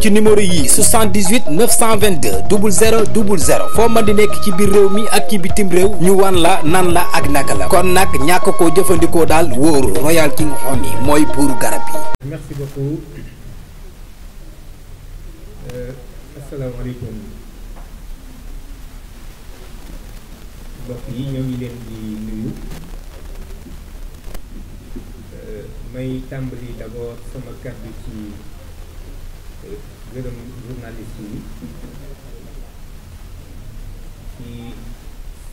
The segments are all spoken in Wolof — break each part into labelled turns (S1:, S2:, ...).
S1: ci numéro yii 78 922 00 00 foo mën di nekk ci biir réew mi ak ci réew ñu wan la nan la ak naka la kon nag ñàkk koo jëfandikoo daal wóoru Royal King Honey mooy buuru garab yi. merci beaucoup euh, asalaamaaleykum mbokk yi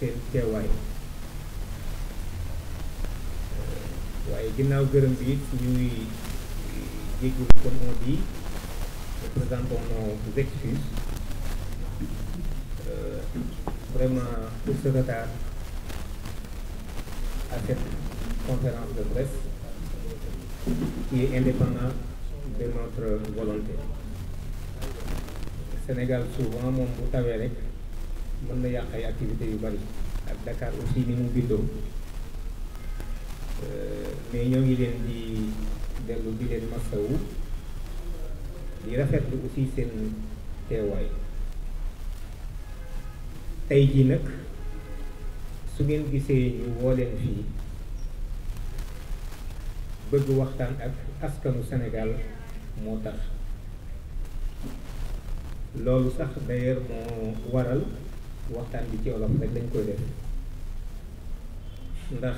S1: seen teewaay waaye ginnaaw gërëm bi it ñuy jéggul comme on dit nous présentons euh, vraiment pour ce retard à de presse qui est indépendante de notre volonté Sénégal souvent moom bu tawee rek mën na yàq ay activités yu bari ak Dakar aussi ni mu bindoo euh, mais ñoo ngi leen di dellu di leen li di rafetlu aussi seen teewaay tey jii nag su ngeen gisee ñu woo leen fii bëgg waxtaan ak askanu Sénégal moo tax loolu sax d'ailleurs moo waral waxtaan bi ci wolof rek dañ koy def ndax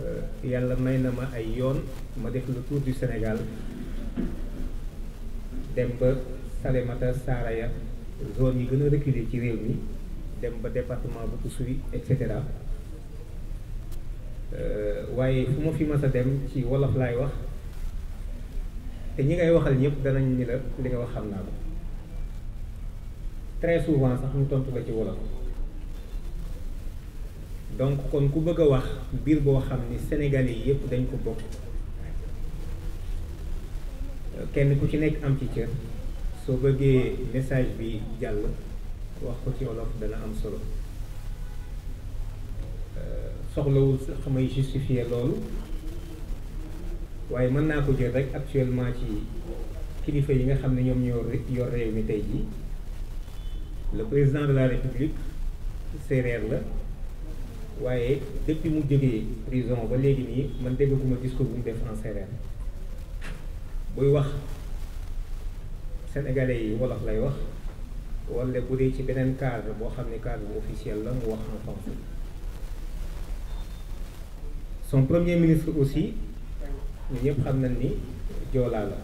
S1: euh, yàlla may na ma ay yoon ma def le tour du Sénégal dem ba Salémata Saraya zone yi gën a reculé ci réew mi dem ba département bu Oussouye et cetera euh, waaye fu ma fi mas a dem ci wolof laay wax te ñi ngay waxal ñëpp danañ ni la li nga wax xam naa ko très souvent sax mu tontu la ci wolof donc kon ku bëgg a wax biir boo xam ni yi yépp dañ ko bokk kenn ku ci nekk am ci cër soo bëggee message bi jàll wax ko ci wolof dana am solo euh, soxlawul sax may justifier loolu waaye mën naa ko jël rek actuellement ci kilifa yi nga xam ne ñoom ñoo yor réew mi tey jii le président de la république séeréer la waaye depuis mu jógee prison ba léegi nii man dégguma discours bu mu def en séeréer buy wax sénégalais yi wolof lay wax wala bu dee ci beneen cadre boo xam ne cadre bu officiel la wax en français ministre aussi ñu ñëpp xam nañ ni joolaa la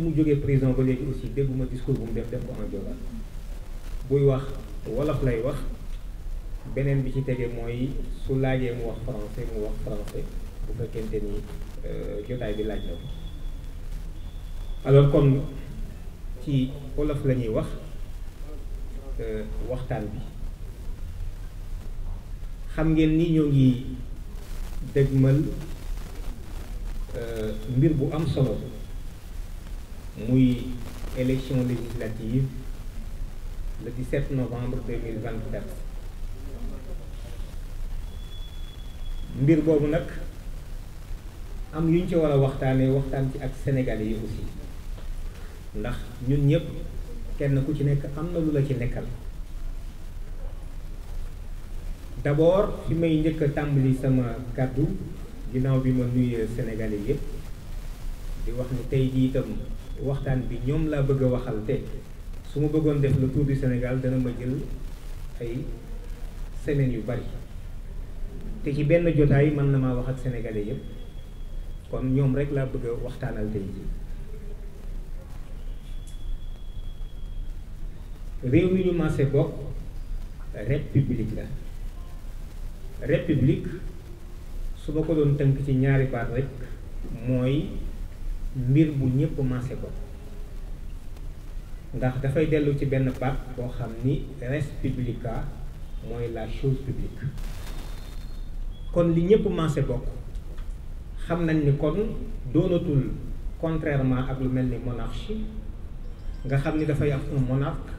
S1: mu jógee prison ba léegi aussi dégguma discours bu mu def def ko en joolaa buy wax wolof lay wax beneen bi ci tegee mooy su laajee mu wax français mu wax français bu fekkente ni euh, jotaay bi laaj na ko alors kon ci wolof la ñuy wax euh, waxtaan bi xam ngeen ni ñoo ngi dëgmal euh, mbir bu am solo muy élection législative le 17 novembre 2024 mbir boobu nag am yu ñu ci war a waxtaanee waxtaan ci ak sénégalais yi aussi ndax ñun ñëpp kenn ku ci nekk am na lu la ci nekkal d'abord fi may njëkk a tàmbali sama kàddu ginnaaw bi ma nuyee sénégalais yëpp di wax ni tey jii itam waxtaan bi ñoom laa bëgg a waxal te su ma bëggoon def le tour du Sénégal dana ma jël ay semaines yu bari te ci benn jotaay man na maa wax ak sénégalais yépp kon ñoom rek laa bëgg a waxtaanal tey jii réew mi ñu maase bokk république la république su ma ko doon tënk ci ñaari baat rek mooy mbir bu ñépp maase bokk ndax dafay dellu ci benn baat boo xam ni res mooy la chose publique kon li ñëpp maase bokk xam nañ ni kon doonatul contrairement ak lu mel ni monarchie nga xam ni dafay am un monarque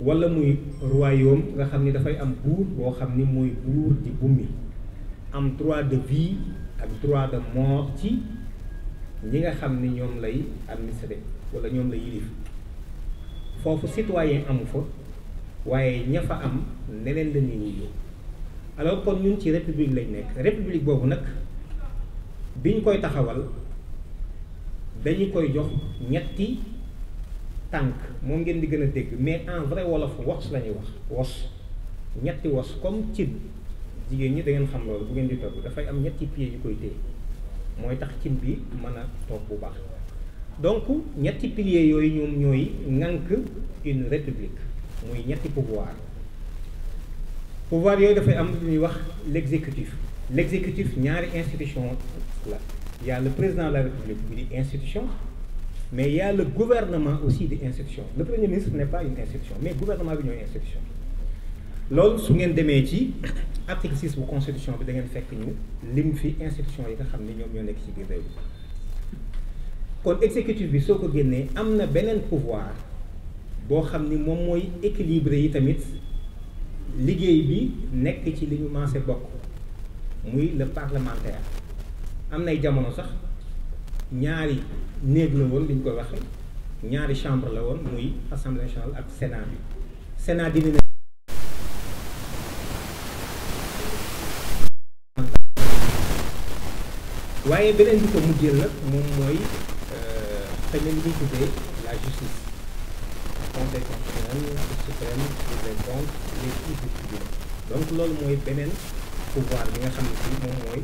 S1: wala muy royaume nga xam ni dafay am buur boo xam ni mooy buur di bummi am droit de vie ak droit de mort ci ñi nga xam ni ñoom lay administrer wala ñoom lay yilif foofu citoyen amu fa waaye ña fa am leneen la ñu ñuy yóbbu alors ñun ci république lañ nekk république boobu nag biñ koy taxawal dañu koy jox ñetti tànk moom ngeen di gën a dégg mais en vrai wolof wos la ñuy wax wos ñetti wos comme cin jigéen ñi dangeen ngeen xam loolu bu ngeen di togg dafay am ñetti pieds yu koy téye mooy tax cin bi mën a toog bu baax donc ñetti piliers yooyu ñoom ñooy ŋànk une république muy ñetti pouvoir pouvoir yooyu dafay am lu ñuy wax l'exécutif l'exécutif ñaari institution la y président de la république bi di institution mais y a gouvernement aussi di institution le premier ministre n'est pas une institution mais gouvernement bi ñooy institution loolu su ngeen demee ci article 6 bu constitution bi da ngeen fekk ñu lim fi institution yi nga xam ne ñoom ñoo nekk ci biir réew kon exécutif bi soo ko génnee am na beneen pouvoir boo xam ni moom mooy équilibré yi tamit liggéey bi nekk ci liñu ñu bokk muy le parlementaire am nay jamono sax ñaari néeg la woon li ñu koy waxee ñaari chambre la woon muy assemblée nationale ak sénat bi sénat dina ne waaye beneen bi ko mujjee la moom mooy xëy na li ñuy tuddee la justice conseil constitutionnel cour suprême cour des donc loolu mooy beneen pouvoir bi nga xam ne si moom mooy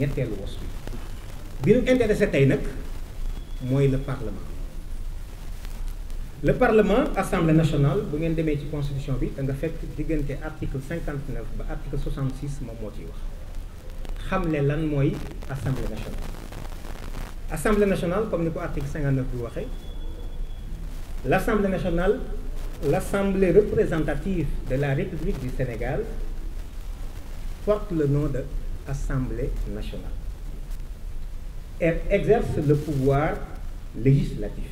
S1: ñetteelu was bi bi ñu intéressé tey nag mooy le parlement le parlement assemblée nationale bu ngeen demee ci constitution bi da nga fekk diggante article 59 ba article 66 moom moo ciy wax xam xamle lan mooy assemblée nationale assemblée nationale comme ni ko article 59 bi waxee l' assemblée nationale l' représentative de la république du Sénégal porte le nom de assemblée nationale elle exerce le pouvoir législatif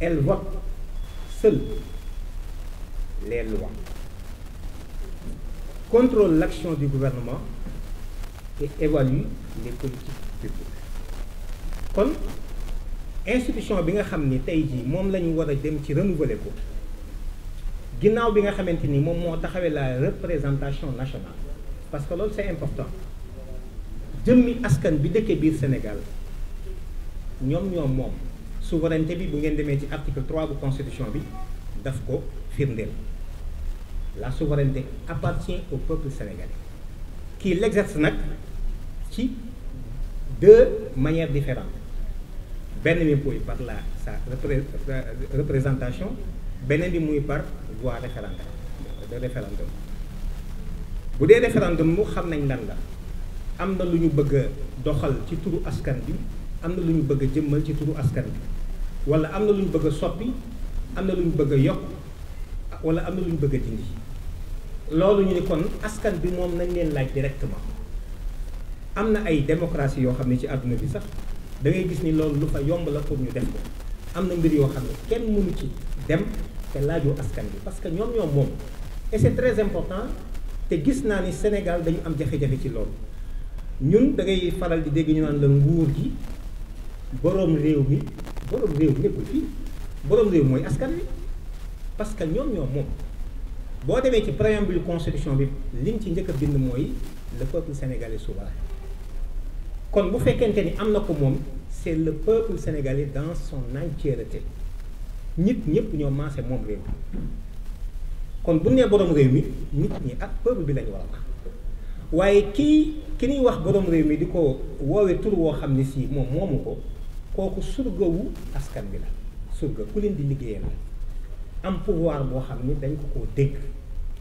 S1: elle vote seule les lois contrôle l'action du gouvernement et évalue les politiques publiques kon institution bi nga xam ni tey jii moom la ñu war a dem ci renouveler ko ginnaaw bi nga xamante ni moom moo taxawee la représentation nationale parce que loolu c'est important jëmmi askan bi dëkkee biir Sénégal ñoom ñoom moom souveraineté bi bu ngeen demee ci article 3 bu constitution bi daf ko firndeel la souveraineté appartient au peuple sénégalais qui l'exerce nag ci deux manières différentes benn bi mooy par la sa représentation beneen bi muy bar voie référendaire de bu dee référendum mu xam nañ lan la am na lu ñu bëgg a doxal ci turu askan bi am na lu ñu bëgg a jëmmal ci turu askan bi wala am na lu ñu bëgg a soppi am na lu ñu bëgg a yokk wala am na lu ñu bëgg a dindi loolu ñu ni kon askan bi moom nañ leen laaj directement am na ay démocratie yoo xam ne ci àdduna bi sax dangay gis ni loolu lu fa yomb la pour ñu def ko am na mbir yoo xam ne kenn mënu ci dem te laaju askan bi parce que ñoom ñoom moom et c'est important te gis naa ni Sénégal dañu am jafe-jafe ci loolu ñun da ngay faral di dégg ñu la nguur gi boroom réew mi boroom réew mi nekkul fii boroom askan wi parce que ñoom ñoom boo demee ci préambule constitution bi liñ ci njëkk a bind mooy le peuple sénégalais kon bu fekkente ni am na ko moom c'est le peuple sénégalais dans son entièreté nit ñëpp ñoo maase moom réew kon bu nee borom réew mi nit ñi ak peuple bi lañu wax waaye ki ki ñuy wax borom réew mi di ko woowee tur woo xam ne sii moom moomu ko kooku surga wu askan bi la surga ku leen di liggéeyal la am pouvoir boo xam ni dañ ko ko dégg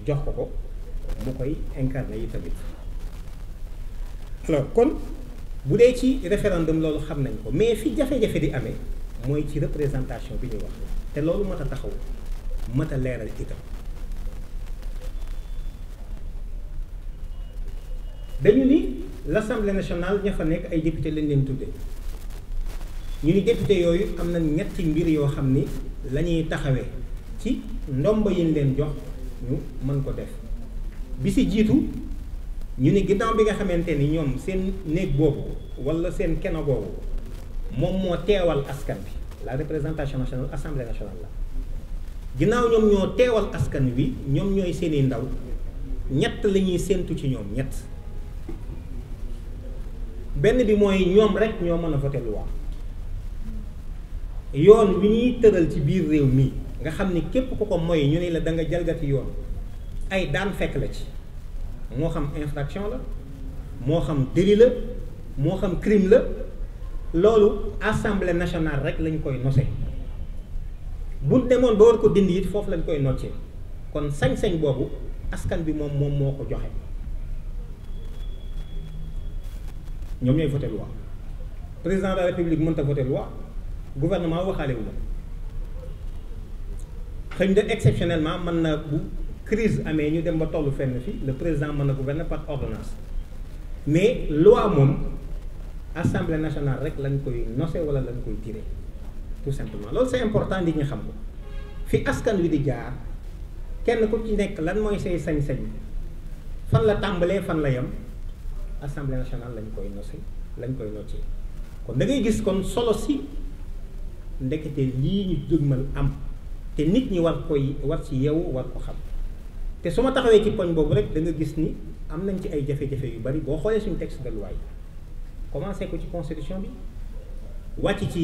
S1: jox ko ko mu koy incarné yi tamit alors kon bu dee ci référendum loolu xam nañ ko mais fi jafe-jafe di amee mooy ci représentation bi ñuy wax te loolu mat a taxaw mat a leeral itam dañu ni l'Assemblée nationale ña fa nekk ay député lañ leen tudde ñu ni député yooyu am na ñetti mbir yoo xam ni lañuy ñuy taxawee ci ndomba yi leen jox ñu mën ko def bi si jiitu ñu ni ginnaaw bi nga xamante ni ñoom seen néeg boobu wala seen kenn boobu moom moo teewal askan bi la représentation nationale assemblée la ginnaaw ñoom ñoo teewal askan bi ñoom ñooy seeni ndaw ñett la ñuy séentu ci ñoom ñett benn bi mooy ñoom rek ñoo mën a voté loi yoon wi ñuy tëral ci biir réew mi nga xam ni képp ku ko moy ñu ne la danga nga jalgati yoon ay daan fekk la ci moo xam infraction la moo xam délit la moo xam crime la loolu assemblée nationale rek lañ koy nose bu demoon ba war ko dindi it foofu lañ koy nocce kon sañ-sañ boobu askan bi moom moom moo ko joxe ñoom ñooy voté loi président de la république mënta voté loi gouvernement waxaale wu la xëy na exceptionnellement mën naa bu. crise amee ñu dem ba tollu fenn fi le président mën na gouverner part ordonnance mais loi moom assemblée nationale rek lañ koy nose wala lañ koy tiré tout simplement loolu c'est important nit ñi xam ko fi askan wi di jaar kenn ku ci nekk lan mooy say sañ-sañ fan la tàmbalee fan la yem assemblée nationale lañ koy nose lañ koy nocci kon da ngay gis kon solo si ndekete lii ñu dugmal am te nit ñi war koy war ci yeewu war ko xam te su ma taxawee ci poñ boobu rek da gis ni am nañ ci ay jafe-jafe yu bari boo xoolee suñu texte de loi yi commencé ko ci constitution bi wàcc ci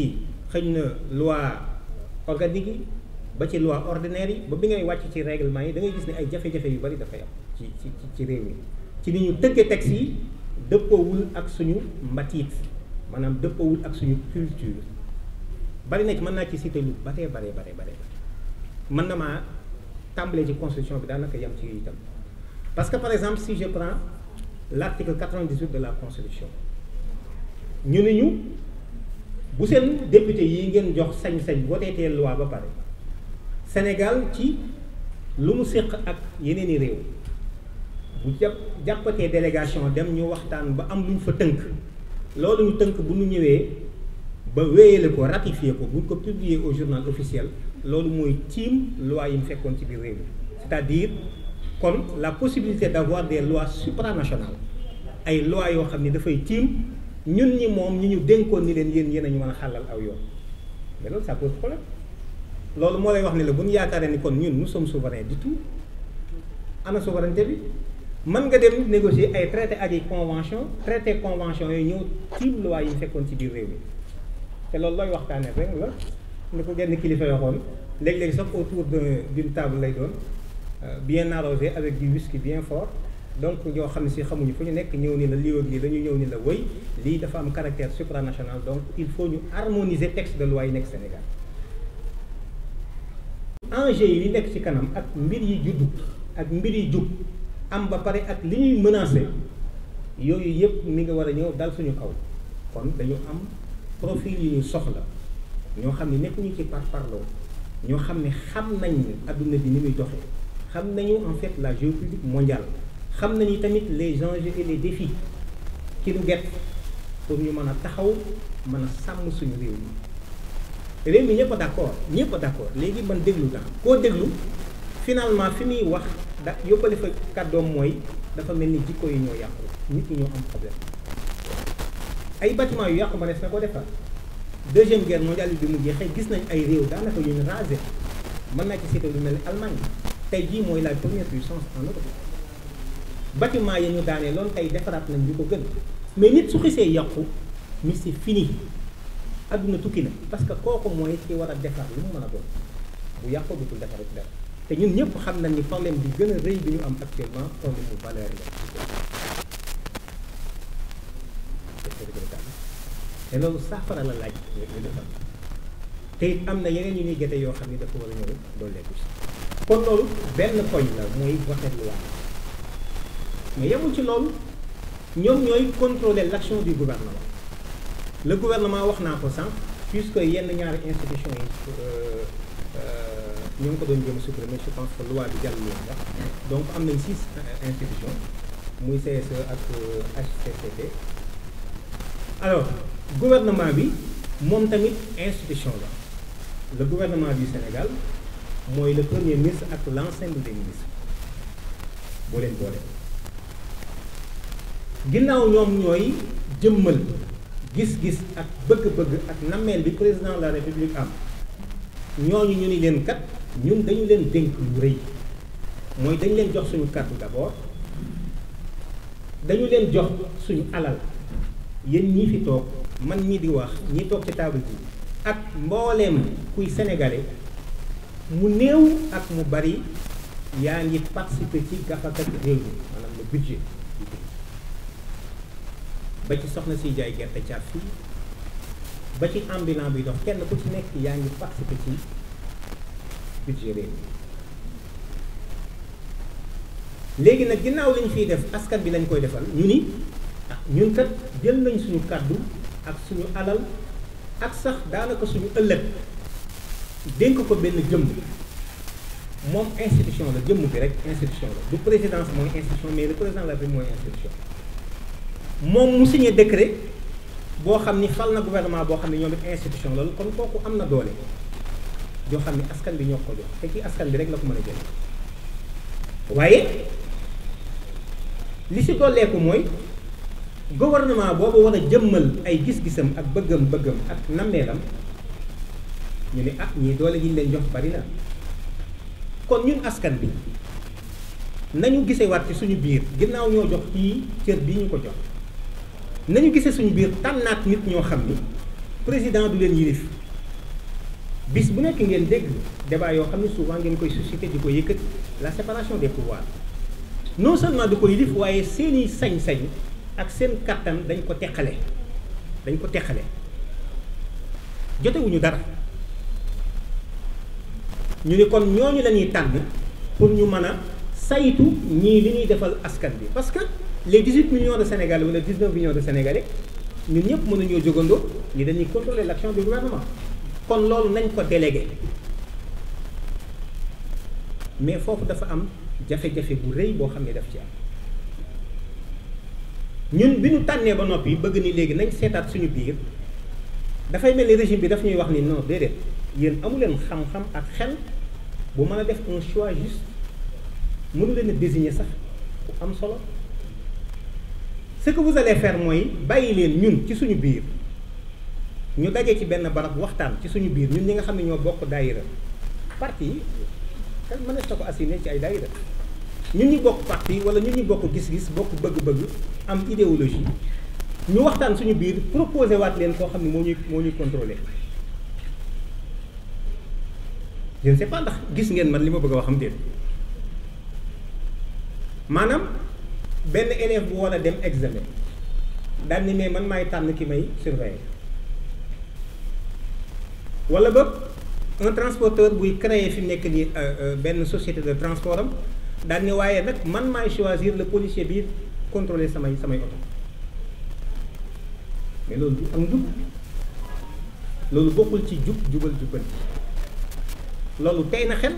S1: xëñ na loi organique yi ba ci loi ordinaire yi ba bi ngay wàcc ci règlement yi da gis ni ay jafe-jafe yu bari dafay am ci ci ci réew mi ci ni ñu tëggee texte yi dëppoowul ak suñu mbatiit maanaam dëppoowul ak suñu culture bari na mën naa ci site lu baree baree baree baree mën na maa tàmbalee ci constitution bi daan daanaka yem ci itam parce que par exemple si je prends l'article 98 de la constitution ñu ne ñu bu seen député yi ngeen jox sañ-sañ woteetee loi ba pare Sénégal ci lu mu séq ak yeneeni réew bu jàpp jàppatee délégation dem ñu waxtaan ba am lu ñu fa tënk loolu ñu tënk bu mu ñëwee ba wéyale ko ratifié ko bu ñu ko publier au journal officiel loolu mooy tiim loi yi mu fekkoon ci biir réew mi c'est-à-dire kon la possibilité d'avoir des lois supranationales ay loi yoo xam ne dafay tiim ñun ñi moom ñu ñu dénkoon ni leen yéen yéen a ñu mën a xàllal aw yoon mais loolu ça loolu moo lay wax ne la bu ñu yaakaaree ni kon ñun nous sommes souverains du tout ana souveraineté bi man nga dem négocier ay traité ak ay convention traité convention yooyu ñëw tiim loi yi mu fekkoon ci biir réew mi te loolu looy waxtaanee rek la ni ko genn kilifa waxoon léeg-léeg sax autour de d'une table lay doon euh, bien arrosé avec du whisky bien fort donc ñoo xam ne si xamuñu fu ñu nekk ñëw ni la lii yi lii dañu ñëw ni la wëy lii dafa am caractère supranational donc il faut ñu harmoniser texte de loi yi nekk Sénégal enjeu yi nekk ci kanam ak mbir yi juddu ak mbir yi jub am ba pare ak li ñuy menacé yooyu yëpp mi nga war a ñëw dal suñu kaw kon dañu am profil yi ñu soxla ñoo xam ne nekkuñu ci par parloo ñoo xam ne xam nañ àdduna bi ni muy doxee xam nañu en fait la géopolitique mondiale xam nañu tamit les enjeux et les défis ki nu gett pour ñu mën a taxaw man a sàmm suñu réew mi réew mi ñëpp d' accord ñëpp d' accord léegi man déglu naa koo déglu finalement fi muy wax da yóbbale fa doom mooy dafa mel ni jikko yi ñoo yàqu nit ñi ñoo am problème ay bâtiment yu yàqu ma des na ko defar deuxième guerre mondiale bi mu jeexee gis nañ ay réew daanaka yu ñu rasé mën naa ci cité lu mel ni Allemagne tey jii mooy la première puissance en Europe bâtiment yi ñu daanee lool ay defaraat nañ ñu ko gën mais nit su xisee yàqu mi si fini adduna tukki na parce que kooku mooy ci war a defar lu mu mën a doon bu yàqoo butul defaru dara te ñun ñëpp xam nañ ni problème bi gën a rëy bi ñu am actuellement problème bu valeur la te loolu saafara la laaj te am na yeneen yu ñuy gete yoo xam ni dafa war a loolu dooleeku si kon loolu benn poñ la mooy waxeetlu waat mais yemul ci loolu ñoom ñooy contrôler l'action du gouvernement le gouvernement wax naa ko sànq puisque yenn ñaari institution yi euh, euh, ñu ko doon jëm supprimer je pense que loi bi jàll loolu ndax donc am nañ six euh, institutions muy CSE ak HCCT alors gouvernement bi moom tamit institution la le gouvernement bi Sénégal mooy le premier ministre ak l'ensemble des ministres boo leen boole ginnaaw ñoom ñooy jëmmal gis-gis ak bëgg-bëgg ak nameel bi président de la république am ñooñu ñu ni leen kat ñun dañu leen dénk lu rëy mooy dañ leen jox suñu kàddu d'abord dañu leen jox suñu alal yéen ñii fi toog man ñii di wax ñi toog ci table bi ak mbooleem kuy sénégalais mu néew ak mu bari yaa ngi participer ci gafakat réew mi ci soxna si jaay gerte caaf fii ba ci ambulant bi dox kenn ku ci nekk yaa ngi participer ci budget léegi nag ginnaaw li fi def askan bi lañ koy defal ñu ni ah, ñun kat jël nañ suñu kàddu ak suñu alal ak sax daanaka suñu ëllëg dénk ko benn jëmm moom institution la jëmm bi rek institution la du présidence mooy institution mais le président de la République mooy institution moom mu signé décret boo xam ni fal na gouvernement boo xam ne ñoom it institution la kon kooku am na doole joo xam ne askan bi ñoo ko jox te bi rek la ko mën a jël waaye li si dooleeku mooy gouvernement boobu war a jëmmal ay gis-gisam ak bëggam-bëggam ak nammeelam ñu ne ah ñii doole ji ñu leen jox bari na kon ñun askan bi nañu gisewaat ci suñu biir ginnaaw ñoo jox kii cër bi ñu ko jox nañu gise suñu biir tànnaat nit ñoo xam ni président du leen yilif bis bu nekk ngeen dégg débat yoo xam ne souvent ngeen koy suscité di ko yëkkati la séparation des pouvoirs non seulement du ko yilif waaye seeni sañ-sañ ak seen kàttan dañ ko teqale dañ ko teqale jotewuñu dara ñu ni kon ñooñu la ñuy tànn pour ñu mën a saytu ñii li ñuy defal askan bi parce que les 18 millions de Sénégalais wala 19 millions de Sénégalais ñun ñëpp mën nañoo jógandoo ni dañuy contrôler l'action du gouvernement kon loolu nañ ko délégué mais foofu dafa am jafe-jafe bu rëy boo xam ne daf ci am ñun bi ñu tànnee ba noppi bëgg ni léegi nañ seetaat suñu biir dafay mel ni régime bi daf ñuy wax ni non déedéet yéen amu leen xam-xam ak xel bu mën a def un choix juste mënu leen a sax ku am solo ce que vous allez mooy bàyyi leen ñun ci suñu biir ñu daje ci benn barab waxtaan ci suñu biir ñun ñi nga xam ne ñoo bokk daayira parti yi kan mënees na ko assigné ci ay daayira ñu ñu bokk parti wala ñun ñu bokk gis-gis bokk bëgg-bëgg am idéologie ñu waxtaan suñu biir proposé waat leen koo xam ne moo ñuy moo ñuy contrôlé je ne ndax gis ngeen man li ma bëgg a wax am déet maanaam benn élève bu war a dem examen daan ni mais man maay tànn ki may surveiller wala ba un transporteur buy créer fi mu nekk nii euh, euh, benn société de transport am daan ne waaye nag man maay choisir le policier bi contrôler samay samay oto mais loolu du am njub loolu bokkul ci jub jubal jubal loolu tey na xel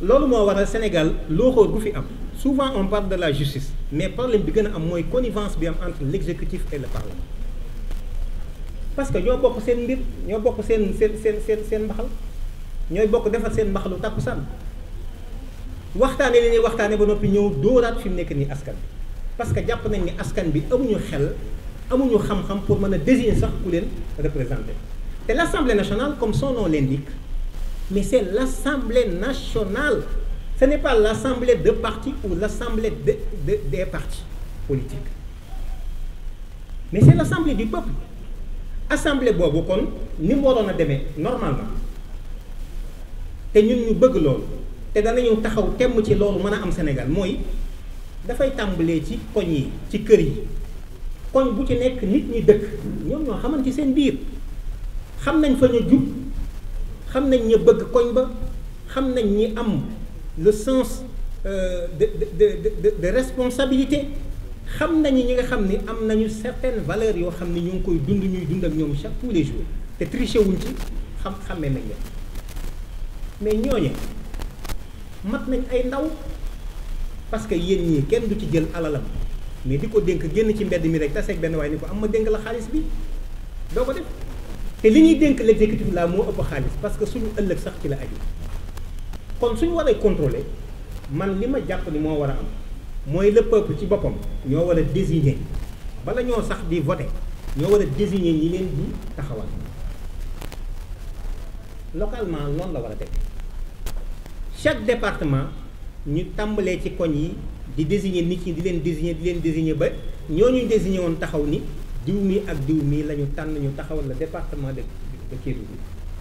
S1: loolu moo waral Sénégal looxoor gu fi am souvent on parle de la justice mais problème bi gën a am mooy connivence bi am entre l'exécutif et le parlement parce que ñoo bokk seen mbir ñoo bokk seen seen seen seen seen mbaxal ñooy bokk defar seen mbaxalu tàkkusaan waxtaane li ñuy waxtaane ba noppi ñëw dóoraat fi mu nekk nii askan bi parce que jàpp nañ ni askan bi amuñu xel amuñu xam-xam pour mën a désigner sax ku leen représenté te l' assemblée nationale comme son leen l' indique mais c' est l' assemblée nationale ce n' est de parti ou l' assemblée de de des partis politiques mais c' est l' du peuple assemblée boobu kon ni mu waroon a demee normalement te ñun ñu bëgg loolu te danañu taxaw temm ci loolu mën a am Sénégal mooy dafay tàmbalee ci koñ yi ci kër yi koñ bu ci nekk nit ñi dëkk ñoom ñoo ci seen biir xam nañ fa ñu jub xam nañ ñu bëgg koñ ba xam nañ ñi am le sens euh, de de de de responsabilité xam nañu ñi nga xam ni am nañu certaines valeurs yoo xam ne ñu ngi koy dund ñuy dund ak ñoom chaque tous les jours te tricher wuñ ci xam xammee nañ leen mais ñooñu mat nañ ay ndaw parce que yéen ñii kenn du ci jël alalam mais di ko dénk génn ci mbedd mi rek taseeg benn waaye ni ko am ma dénk la xaalis bi doo ko def te li ñuy dénk l'exécutif la moo ëpp xaalis parce que suñu ëllëg sax ci la aju kon suñu waree contrôler man li ma jàpp ni moo war a am mooy le peuple ci boppam ñoo war a désigner bala ñoo sax di voter ñoo war a désigner ñi leen di taxawal localement noonu la war a def chaque département ñu tàmbalee ci koñ yi di désigner nit ñi di leen désigner di leen désigner ba ñoo ñuy désigner woon taxaw ni diw mii ak diw mii la ñu tànn ñu taxawal la département de de Kédougou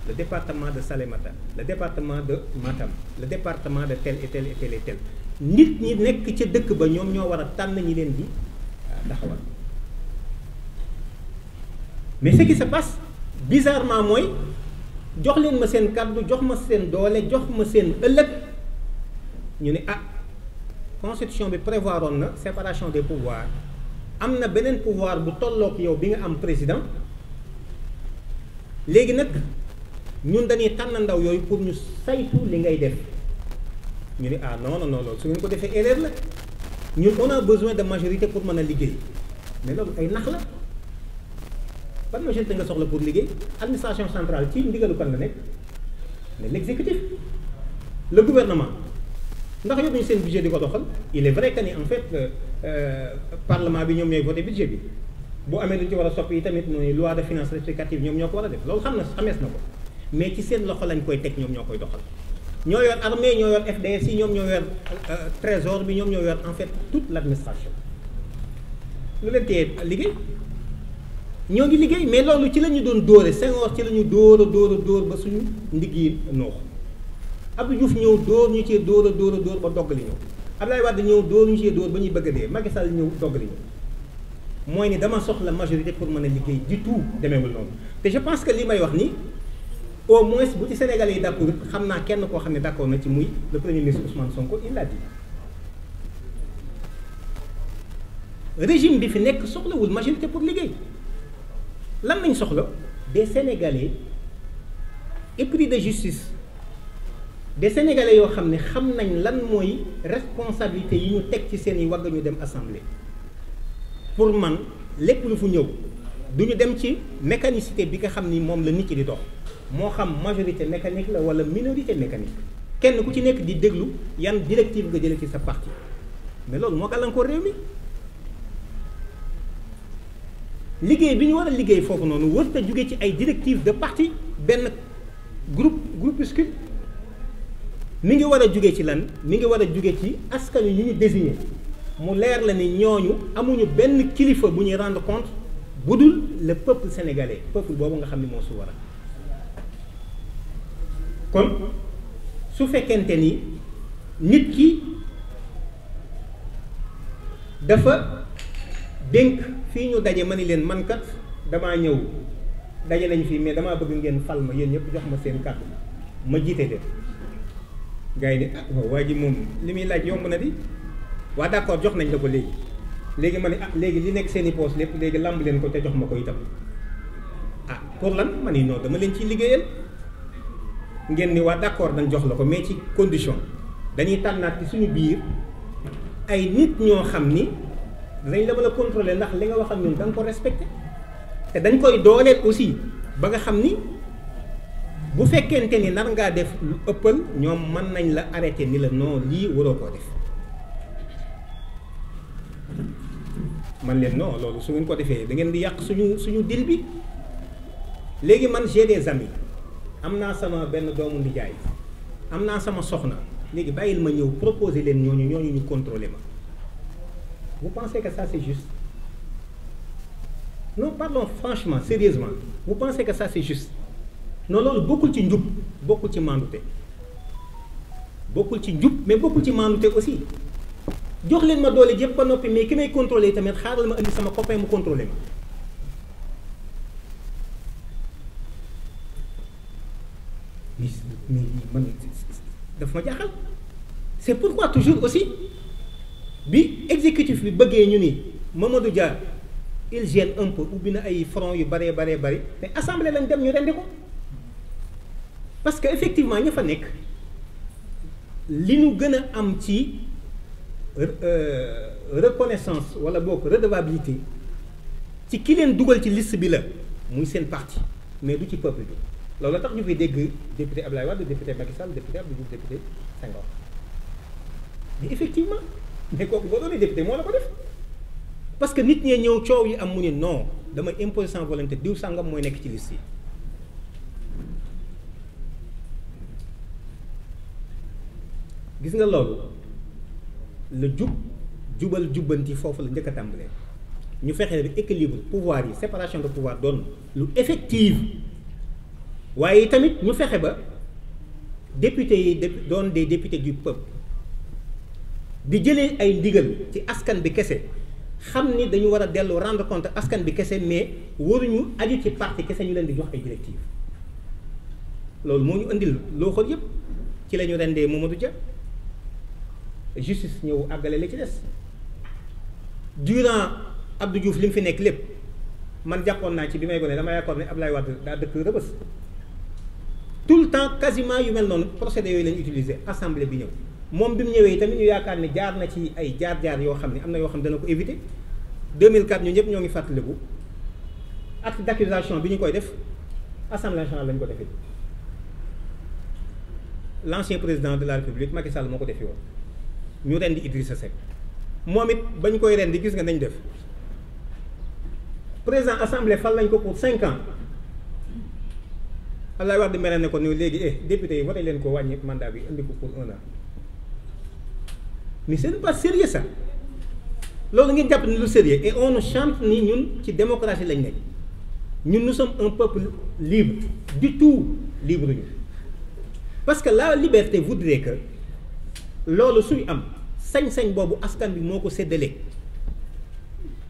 S1: le département de Salémata le département de Matam le département de tel et tel et tel et nit ñi nekk ca dëkk ba ñoom ñoo war a tànn ñi leen di euh, taxawal mais ce qui se passe bizarrement mooy. jox leen ma seen kàddu jox ma seen doole jox ma seen ëllëg ñu ne ah constitution bi prévoir prévoiroon na séparation des pouvoirs am na beneen pouvoir bu tollook yow bi nga am président léegi nag ñun dañuy tànn ndaw yooyu pour ñu saytu li ngay def ñu ne ah non non non loolu su ko defee erreur la ñun on a besoin de majorité pour mën a liggéey mais loolu ay nax la. ban majorité nga soxla pour liggéey administration centrale ci ndigalu kan la nekk ne l'exécutif la gouvernement ndax yor nañu seen budget di ko doxal il est vrai que ni en fait euh, euh, parlement bi ñoom ñooy voté budget bi boo amee lu ñu ci war a soppi yi tamit mooy loi de finances rectificative ñoom ñoo ko war a def loolu xam na xamees na ko mais ci seen loxo lañ koy teg ñoom ñoo koy doxal ñoo yor armée ñoo yor FDS yi ñoom ñoo yor euh, trésor bi ñoom ñoo yor en fait toute l'administration lu leen téye liggéey ñoo ngi liggéey mais loolu ci la ñu doon dóore Senghor ci la ñu dóor a dóor a dóor ba suñu ndigg yi ab Abdou Diouf ñëw dóor ñu cee door a door a dóor ba doggali ñëw Abdoulaye Wade ñëw dóor ñu cee dóor ba ñuy bëgg a dee Macky Sall ñëw doggali ñëw mooy ni dama soxla majorité pour mën a liggéey du tout demeewul noonu te je pense que li may wax ni au mois bu ci sénégal yi d'accord xam naa kenn koo xam ne d'accord na ci muy le premier ministre Ousmane Sonko il l'a dit bi fi nekk soxlawul majorité pour liggéey lan lañ soxla des sénégalais épris de justice de sénégalais yoo xam ne xam nañ lan mooy responsabilité yi ñu teg ci seen i wagg ñu dem assemblée pour man lépp lu fu ñëw du ñu dem ci mécanicité bi nga xam ni moom la nit ki di dox moo xam majorité mécanique la wala minorité mécanique kenn ku ci nekk di déglu yan directive nga jëlee ci sa parti mais loolu moo gàllankoor réew mi. liggéey bi ñu war a liggéey foofu noonu warut a jóge ci ay directive de parti benn groupe groupuscule mi ngi war a jóge ci lan mi ngi war a jóge ci askan wi ñu désigné mu leer la ni ñooñu amuñu benn kilifa bu ñuy rendre compte bu dul le pëpp sénégalais peuple boobu nga xam ne moo su war a kon su fekkente ni nit ki dafa. dénk fii ñu daje ma ni leen mankat kat damaa ñëw daje nañu fii mais damaa bëgg ngeen fal ma yéen ñëpp jox ma seen kàddu ma jiite leen gars yi ne ah waa ji moom li muy laaj yomb na di waa d'accord jox nañ la ko léegi léegi ma ne ah léegi li nekk seen i poos lépp léegi làmb leen ko te jox ma ko itam ah pour lan ma ni non dama leen ciy liggéeyal ngeen ni waa d'accord dañ jox la ko mais ci condition dañuy tànnaat ci suñu biir ay nit ñoo xam ni dinañ la mën a contrôler ndax li nga wax ak ñun da nga ko respecté te dañ koy dooleel aussi ba nga xam ni bu fekkente ni nar ngaa def lu ëppal ñoom man nañ la arrêté ni la non lii waroo koo def man leen non loolu su ngeen ko defee da ngeen di yàq suñu suñu dil bi léegi man j'ai des amis am naa sama benn doomu nijaay am naa sama soxna léegi bàyyil ma ñëw proposer leen ñooñu ñooñu ñu contrôler ma Vous pensez que ça c'est juste non parlons franchement sérieusement vous pensez que ça c'est juste non loolu bokkul ci njub bokkul ci maandute bokkul ci njub mais bokkul ci maandute aussi jox leen ma doole yëpp ba noppi mais ki may contrôler tamit xaaral ma indi sama copain mu contrôler ma mais mais man daf ma jaaxal c'est pourquoi toujours aussi bi exécutif bi bëggee ñu ni Mamadou Dia il gêne un peu ubbi na ay front yu baree bare bari mais assemblée lañ dem ñu rendi ko parce que effectivement ñu fa nekk li ñu gën a am ci euh, reconnaissance wala boog redevabilité ci ki leen dugal ci list bi la muy seen parti mais du ci peuple bi loolu tax ñu fi dégg député Ablaye Wade député Macky Sall député Abdou Diouf député Senghor mais effectivement mais kooku boo doonee député moo la ko def parce que nit ñee ñëw coow yi am mu ne non damay imposer sans volonté diw sàngam mooy nekk ci liste yi gis nga loolu la jub jubal jubbanti foofu la njëkk a tàmbalee ñu fexe bi équilibre pouvoir yi séparation de pouvoir doon lu effective waaye tamit ñu fexe ba député yi doon des députés du peuple di jëlee ay ndigal ci askan bi kese xam ni dañu war a dellu rendre compte askan bi kese mais waruñu aju ci parti kese ñu leen di jox ay directives loolu moo ñu indil loo xool yëpp ci la moom rendee du Dia justice ñëw àggale la ci des durant Abdou Diouf li mu fi nekk lépp man jàppoon naa ci bi may gone dama yaakaar ne Abdoulaye Wade daa dëkk Rebeuss tout temps quasiment yu mel noonu procédé yooyu lañu utiliser assemblée bi ñëw moom bi mu ñëwee tamit ñu yaakaar ne jaar na ci ay jaar-jaar yoo xam ne am na yoo xam ne dana ko éviter 2004 ñu ñëpp ñoo ngi fàttaliku acte d'accusation bi ñu koy def assemblée nationale lañ ko defee l'ancien président de la république Macky Sall moo ko defee woon ñu rendi Idrissa Seck moom it ba ñu koy rendi gis nga nañ def président assemblée fal lañ ko pour cinq ans Abdoulaye Wade mere ne ko ne léegi eh député yi voté leen ko wàññi mandat bi indi ko pour un an. mais ce n'est sérieux ça loolu ngeen jàpp ni lu sérieux et on chante ni ñun ci démocratie lañ nekk ñun nous sommes un peuple libre du tout libre ñu parce que la liberté voudrait que loolu suy am sañ-sañ boobu askan bi moo ko séddalee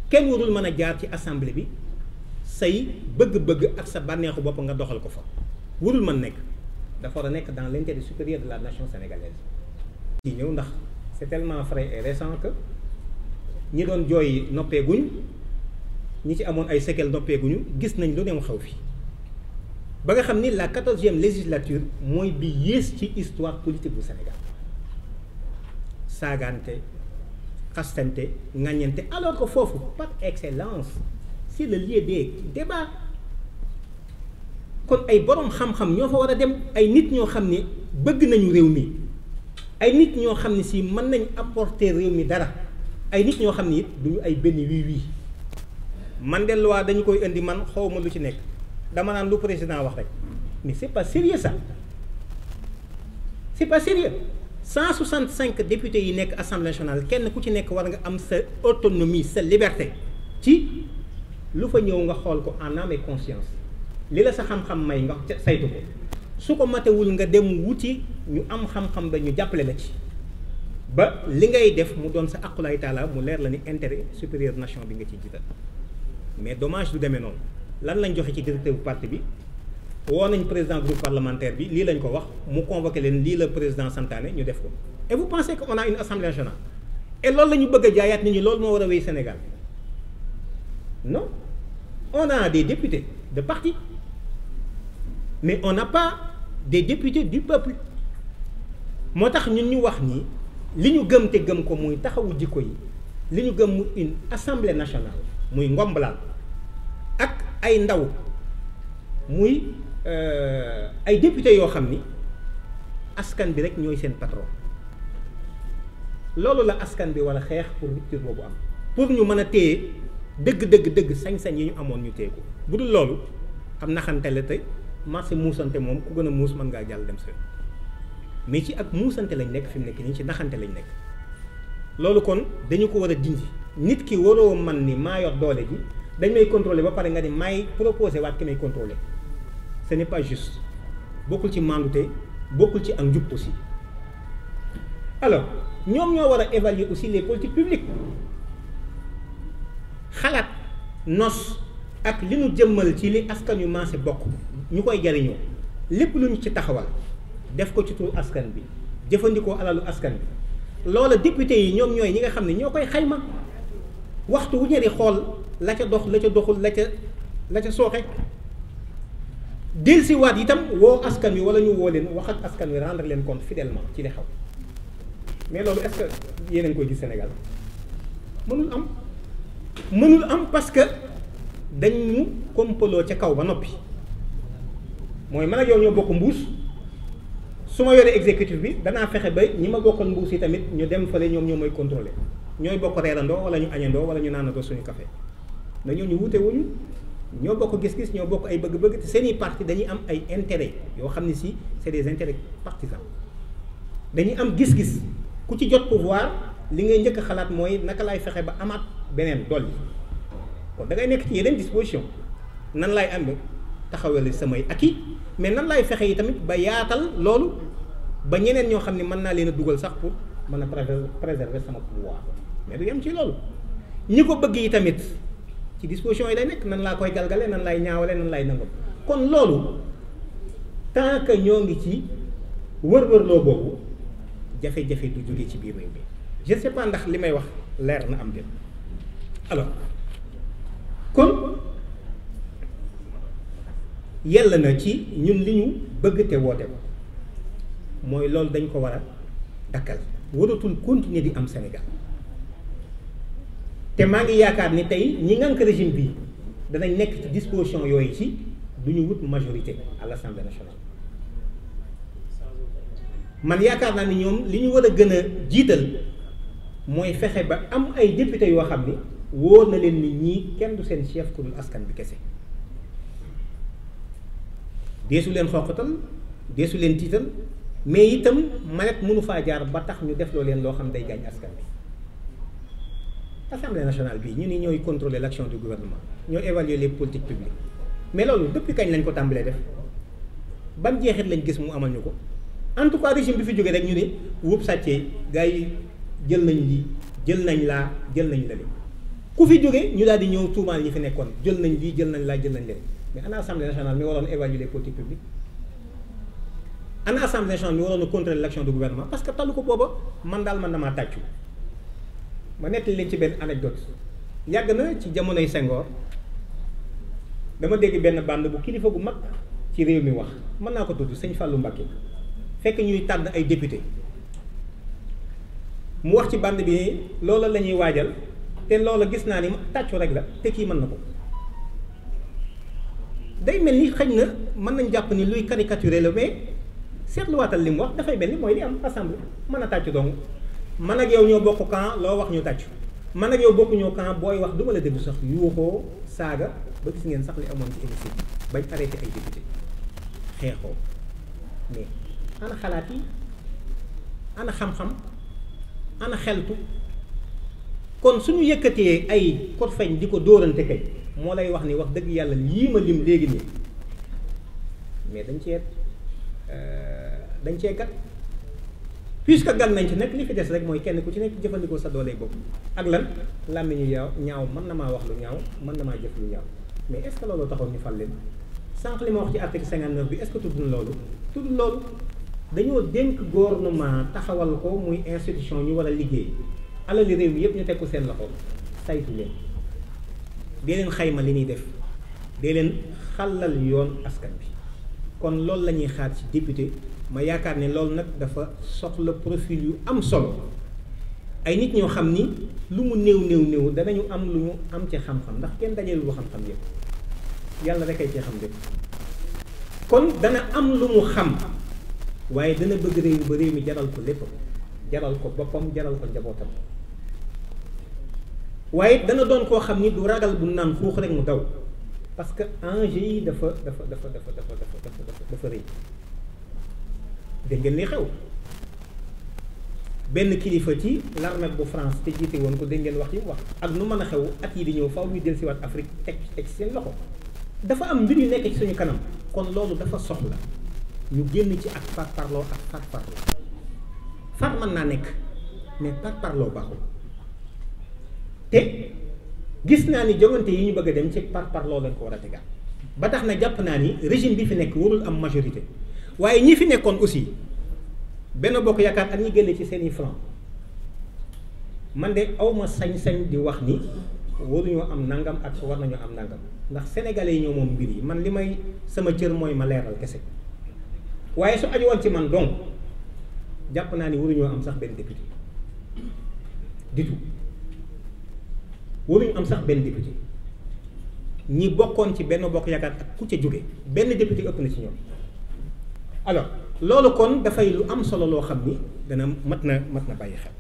S1: kenn warul mën a jaar ci assemblée bi say bëgg-bëgg ak sa bànneexu bopp nga doxal ko fa warul mën nekk dafa war a nekk dans l'intérêt supérieur de la nation sénégalaise. ci ñëw ndax. c'est tellement frais et récent que ñi doon jooy noppee ñi ci amoon ay séquelles noppee gis nañ lu dem xew fii ba nga xam ni la quatorzième législature mooy bi yées ci histoire politique bu Sénégal saagante xastante ŋàññante alors ko foofu par excellence c'est le lieu des débats kon ay boroom xam-xam ñoo fa war a dem ay nit ñoo xam ni bëgg nañu réew mi ay nit ñoo xam ne si mën nañ apporter réew mi dara ay nit ñoo xam ne it du ñu ay benn wii wii man de loi dañu koy indi man xaw ma lu ci nekk dama naan lu président wax rek mais c'est pas sérieux ça c'est pas sérieux 165 député yi nekk assemblée nationale kenn ku ci nekk war nga am sa autonomie sa liberté ci lu fa ñëw nga xool ko en âme et conscience li la sa xam-xam may nga saytu ko. su ko matewul nga dem wuti ñu am xam-xam ba ñu jàppale la ci ba li ngay def mu doon sa aqulaay taala mu leer la ni intérêt supérieur nation bi nga ci mais dommage du demee noonu lan lañ joxe ci directeur bu parti bi woo nañ président groupe parlementaire bi lii lañ ko wax mu convoqué leen lii la président santaane ñu def ko et vous pensez que on a une assemblée nationale et loolu la ñu bëgg a jaayaat nit ñi lool moo war a wéy Sénégal non on a des députés de parti mais on n'a pas des députés du peuple moo tax ñun ñu wax nii li ñu gëm te gëm ko muy taxawu jikko yi li ñu gëm mu une assemblée nationale muy ngombalaan ak ay ndaw muy euh, ay député yoo xam ni askan bi rek ñooy seen patron loolu la askan bi wala xeex pour rupture boobu am pour ñu mën a téye dëgg dëgg dëgg sañ-sañ yi ñu amoon ñu téye bu dul loolu xam naxante la tey marché muusante moom ku gën a muus mën ngaa jàll dem sa mais ci ak muusante lañ nekk fi mu nekk nii ci naxante lañ nekk loolu kon dañu ko war a dindi nit ki waroo man ni maa yor doole ji dañ may contrôler ba pare nga dem maay proposé waat ki may contrôler ce n'est pas juste bokkul ci mandute bokkul ci ak njub aussi alors ñoom ñoo war a évaluer aussi les politiques publiques xalaat nos ak li nu jëmmal ci li askan yu maase bokk ñu koy jariñoo lépp lu ñu ci taxawal def ko ci turu askan bi jëfandikoo alalu askan bi loola député yi ñoom ñooy ñi nga xam ne ñoo koy xayma waxtu wu ñëri xool la ca dox la ca doxul la ca la ca sooxe yi tam woo askan wi wala ñu woo leen wax ak askan wi rendre leen compte fidèlement ci li xaw mais loolu est-ce que yéen a ngi koy gis Sénégal mënul am mënul am parce que dañ ñu kompaloo ca kaw ba noppi mooy man ak yow ñoo bokk mbuus su ma yoree exécutif bi danaa fexe ba ñi ma bokkoon mbuus yi tamit ñu dem fële ñoom ñoo mooy contrôler ñooy bokk reerandoo wala ñu añandoo wala ñu naanandoo suñu café mais ñoo ñu wuute wuñu ñoo bokk gis-gis ñoo bokk ay bëgg-bëgg te seen i parti dañuy am ay intérêt yoo xam ne si c'est des intérêts partisans dañuy am gis-gis ku ci jot pouvoir li ngay njëkk xalaat mooy naka laay fexe ba amaat beneen dolli kon da ngay nekk ci yeneen disposition nan laay amee. taxawale samay acquis mais nan laay fexe yi tamit ba yaatal loolu ba ñeneen ñoo xam ne mën naa leen a dugal sax pour mën a préserver sama pouvoir mais bi yem ci loolu ñi ko bëgg yi tamit ci disposition yi lay nekk nan laa koy galgale nan laay ñaawale nan laay nangam kon loolu tant que ñoo ngi ci wër-wërloo boobu jafe-jafe du jógee ci biir réew mi je ne ndax li may wax leer na am déet alors kon yell na ci ñun li ñu bëgg te woote ko mooy loolu dañ ko war a dakkal waratul continuer di am Sénégal te maa ngi yaakaar ni tey ñi ngànk régime bi danañ nekk ci disposition yooyu ci du ñu wut majorité à l'Assemblée nationale man yaakaar naa ni ñoom li ñu war a gën a jiital mooy fexe ba am ay député yoo xam ni wóor na leen nit ñii kenn du seen chef ku dul askan bi kese deesu leen xoqatal deesu leen tiital mais itam manet mënu faa jaar ba tax ñu def defloo leen loo xam dey gaañ askan bi assemblée national bii ñu ni ñooy contrôler l'action du gouvernement ñoo évaluer les politiques publiques mais loolu depuis kañ lañ ko tàmbalee def ban jeexit lañ gis mu amal ñu ko en tout cas régime bi fi jógee rek ñu ni wóob sàccee gars yi jël nañ lii jël nañ laa jël nañ la li ku fi jógee ñu daal di ñëw tuumaal ñi fi nekkoon jël nañ lii jël nañ laa jël nañ leen mais ana assemblée nationale mi waroon évaluer les politiques publiques ana assemblée nationale mi waroon a contrôler l'action du gouvernement parce que talu ko booba man daal man damaa tàccu ma nettali leen ci benn anecdote yàgg na ci jamonoy Senghor dama dégg benn bande bu kilifa gu mag ci réew mi wax mën naa ko tudd sëñ Fallou Mbacké fekk ñuy tànn ay député mu wax ci bànd bi loola la ñuy waajal te loola gis naa ni tàccu rek la te kii mën na ko day mel ni xëñ na mën nañ jàpp ni luy caricaturer la mais seetluwaatal li mu wax dafay mel ni mooy li am assemblée mën a tàcc dong man ak yow ñoo bokk camp loo wax ñu tàcc man ak yow bokkuñoo camp booy wax du la déglu sax yuuxoo saaga ba gis ngeen sax li amoon ci émission bañ arrêté ay député xeexoo mais ana xalaat yi ana xam-xam ana xeltu kon suñu yëkkatee ay korfeñ di ko dóorante kay moo lay wax ni wax dëgg yàlla lii ma lim léegi nii mais dañ cee euh, dañ cee gat puisque gat nañ ci nag li fi des rek mooy kenn ku ci nekk jëfandikoo sa doole bopp ak lan làmmiñu yaaw ñaaw mën na maa wax lu ñaaw mën na maa jëf lu ñaaw mais est ce que loolu taxoon ñu fal leen sànq li ma wax ci article 59 bi est ce que tudd na loolu tudd loolu dañoo dénk gouvernement taxawal ko muy institution ñu war a liggéey alali réew mi yëpp ñu teg ko seen loxo saytu leen dee leen xayma li ñuy def dee leen xalal yoon askan bi kon loolu la ñuy xaar ci député ma yaakaar ne loolu nag dafa soxla profil yu am solo ay nit ñoo xam ni lu mu néew néew néew danañu am lu mu am ci xam-xam ndax kenn dajale lu xam-xam yëpp yàlla rek ay ci xam lépp kon dana am lu mu xam waaye dana bëgg réew ba réew mi jaral ko lépp jaral ko boppam jaral ko njabootam waaye dana doon koo xam ni du ragal bu naan xuux rek mu daw parce que enjeu yi dafa dafa dafa dafa dafa dafa dafa dafa rëy dégg ngeen li xew benn kilifa ci l'armée bu France te jiite woon ko dégg ngeen wax yi mu wax ak nu mën a xew at yi di ñëw faaw ñu dellusiwaat Afrique teg teg seen loxo dafa am mbir yu nekk ci suñu kanam kon loolu dafa soxla ñu génn ci ak par parloo ak par parloo far mën naa nekk mais par parloo baaxul. te gis naa ni jogante yi ñu bëgg a dem ci par par loolu lañ ko war a tegaat ba tax na jàpp naa ni régime bi fi nekk warul am majorité waaye ñii fi nekkoon aussi benn bokk yaakaar ak ñi génne ci seen i franc man de awma sañ-sañ di wax ni waruñoo am nangam ak war nañoo am nangam ndax sénégalais yi ñoo moom mbir yi man li may sama cër mooy ma leeral kese waaye su aju woon ci man donc jàpp naa ni waruñoo am sax benn député du ñu am sax benn député ñi bokkoon ci benn bokk yaakaar ak ku ca jóge benn député ëpp na ci ñoom alors loolu kon dafay lu am solo loo xam ni dana mat na mat na bàyyi xel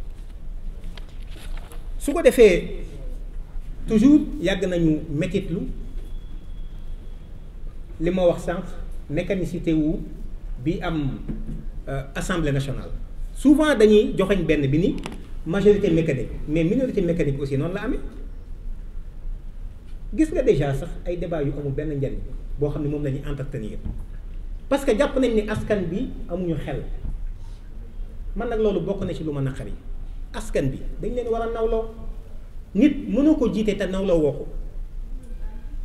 S1: su ko defee toujours yàgg nañu metitlu li ma wax sànq mécanicité wu bi am euh, assemblée nationale souvent dañuy joxeñ benn bi ni majorité mécanique mais minorité mécanique aussi noonu la amee gis nga déjà sax ay débat yu amul benn njariñ boo xam ne moom la ñuy entretenir parce que jàpp nañ ni askan bi amuñu xel man nag loolu bokk na ci lu ma naqari askan bi dañ leen war a nawloo nit mënoo ko jiitee te nawloo woo ko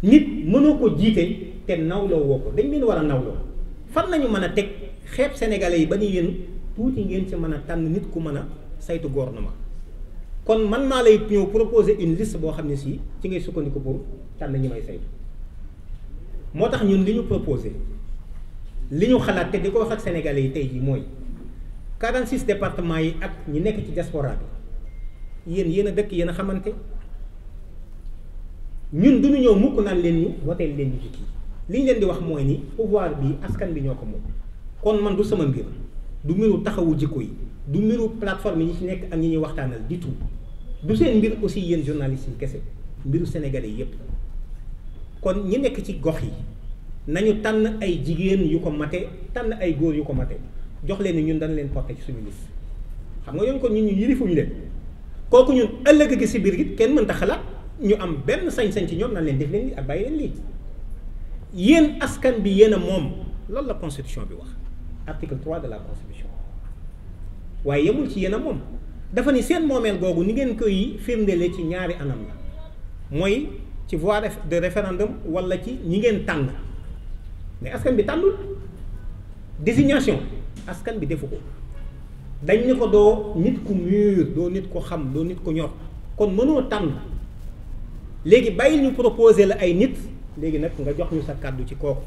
S1: nit mënoo ko jiite te nawloo woo ko dañ leen war a nawloo fan lañu mën a teg xeeb sénégalais yi ba ñu yéen tuuti ngeen ci mën a tànn nit ku mën a saytu gouvernement kon man maa lay ñëw proposer une liste boo xam ne si ci ngay sukkandiku pour tànn ñi may saytu moo tax ñun li ñu proposé li ñu xalaat te di ko wax ak sénégalais yi tey jii mooy 46 départements yi ak ñi nekk ci diaspora bi yéen yéen a dëkk yéen a xamante ñun du ñu ñëw mukk naan leen ñu woteel leen ñu ci kii li ñu leen di wax mooy ni pouvoir bi askan bi ñoo ko moom kon man du sama mbir du mbiru taxawu jikko yi du mbiru plateforme yi ñu ci nekk ak ñi ñuy waxtaanal di du seen mbir aussi yéen journalistes yi kese mbiru sénégalais yépp kon ñi nekk ci gox yi nañu tànn ay jigéen yu ko mate tànn ay góor yu ko mate jox leen ni ñun dañ leen porté ci suñu liste xam nga ñoom kon ñun ñu yilifuñu leen kooku ñun ëllëg gi si biir gi kenn mënta xalaat ñu am benn sañ-sañ ci ñoom nan leen def leen lii ak bàyyi leen lii yéen askan bi yéen a moom loolu la constitution bi wax article 3 de la constitution waaye yëmul ci yéen a moom dafa ni seen moomeel googu ni ngeen koy firndele ci ñaari anam la mooy ci voie de référendum walla ci ñi ngeen tànn mais askan bi tànnul désignation askan bi defu ko dañ ne ko doo nit ku mûr doo nit ko xam doo nit ko ñor kon mënoo tànn léegi bàyyil ñu proposé la ay nit léegi nag nga jox ñu sa kàddu ci kooku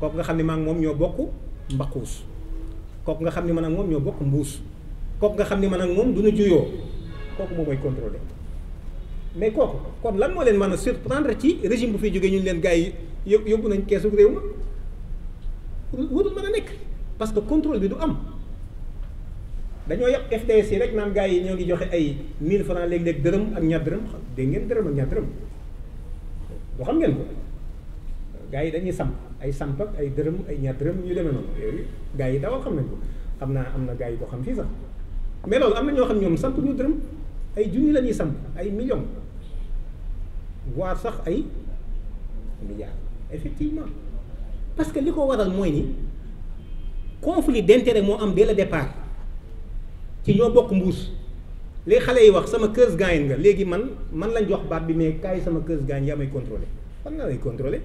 S1: kooku nga xam ne maa moom ñoo bokk mbaquus kooku nga xam ne man ak moom ñoo bokk mbuus kooku nga xam ne man ak moom duna ñu juyoo kooku moom mooy contrôler mais kooku kon lan moo leen man a surprendre ci régime bu fi jógee ñun leen gaay yi yo yóbbu nañ keesu réew ma warul mën a nekk parce que contrôle bi du am dañoo yàq FDS yi rek naan gars yi ñoo ngi joxe ay 1000 francs léeg-léeg dërëm ak ñaar dërëm dégg ngeen dërëm ak ñaar dërëm xam ngeen ko gaay yi dañuy samp ay samp ak ay dërëm ay ñaar dërëm ñu demee noonu yooyu gars yi dawal xam nañ ko xam naa am na gaay yi boo xam fii sax mais loolu am na ñoo xam ñoom samp ñu dërëm ay junni la ñuy samp ay millions voire sax ay milliards effectivement parce que li ko waral mooy ni dente d'intérêt moo am dès le départ ci ñoo bokk mbuus li xale yi wax sama kës gaañ nga léegi man man lañ jox baat bi mais kaay sama kës gaañ yaa may contrôlé fan nga lay contrôlé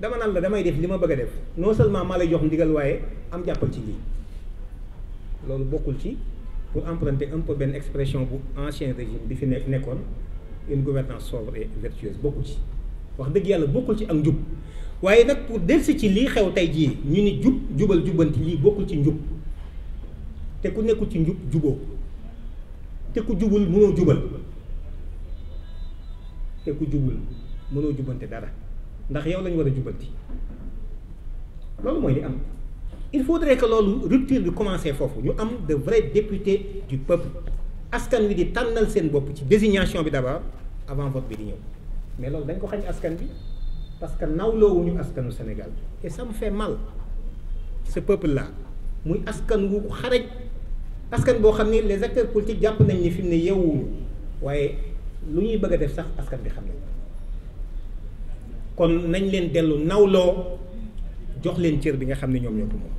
S1: dama naan la damay def li ma bëgg a def non seulement maa lay jox ndigal waaye am jàppal ci lii loolu bokkul ci pour emprunter un benn expression bu ancien régime bi fi ne nekkoon une gouvernance sobre et vertueuse bokkul ci wax dëgg yàlla bokkul ci ak njub waaye nag pour delsi ci lii xew tey jii ñu ni jub jubal jubanti lii bokkul ci njub te ku nekkul ci njub juboo te ku jubul mënoo jubal te ku jubul mënoo jubante dara ndax yow lañu war a jubanti loolu mooy li am il faudrait que loolu rupture bi commencé foofu ñu am de vrais députés du peuple askan wi di tànnal seen bopp ci désignation bi d'abord avant vote bi di ñëw mais loolu dañ ko xañ askan bi parce que nawloowuñu askanu Sénégal et sama me fait mal ce peuple là muy askan wu xaraj askan boo xam ne les acteurs politiques jàpp nañ ni fi mu ne yeewuñu waaye lu ñuy bëgg a def sax askan bi xam nañ kon nañ leen dellu nawloo jox leen cër bi nga xam ne ñoom ñoo moom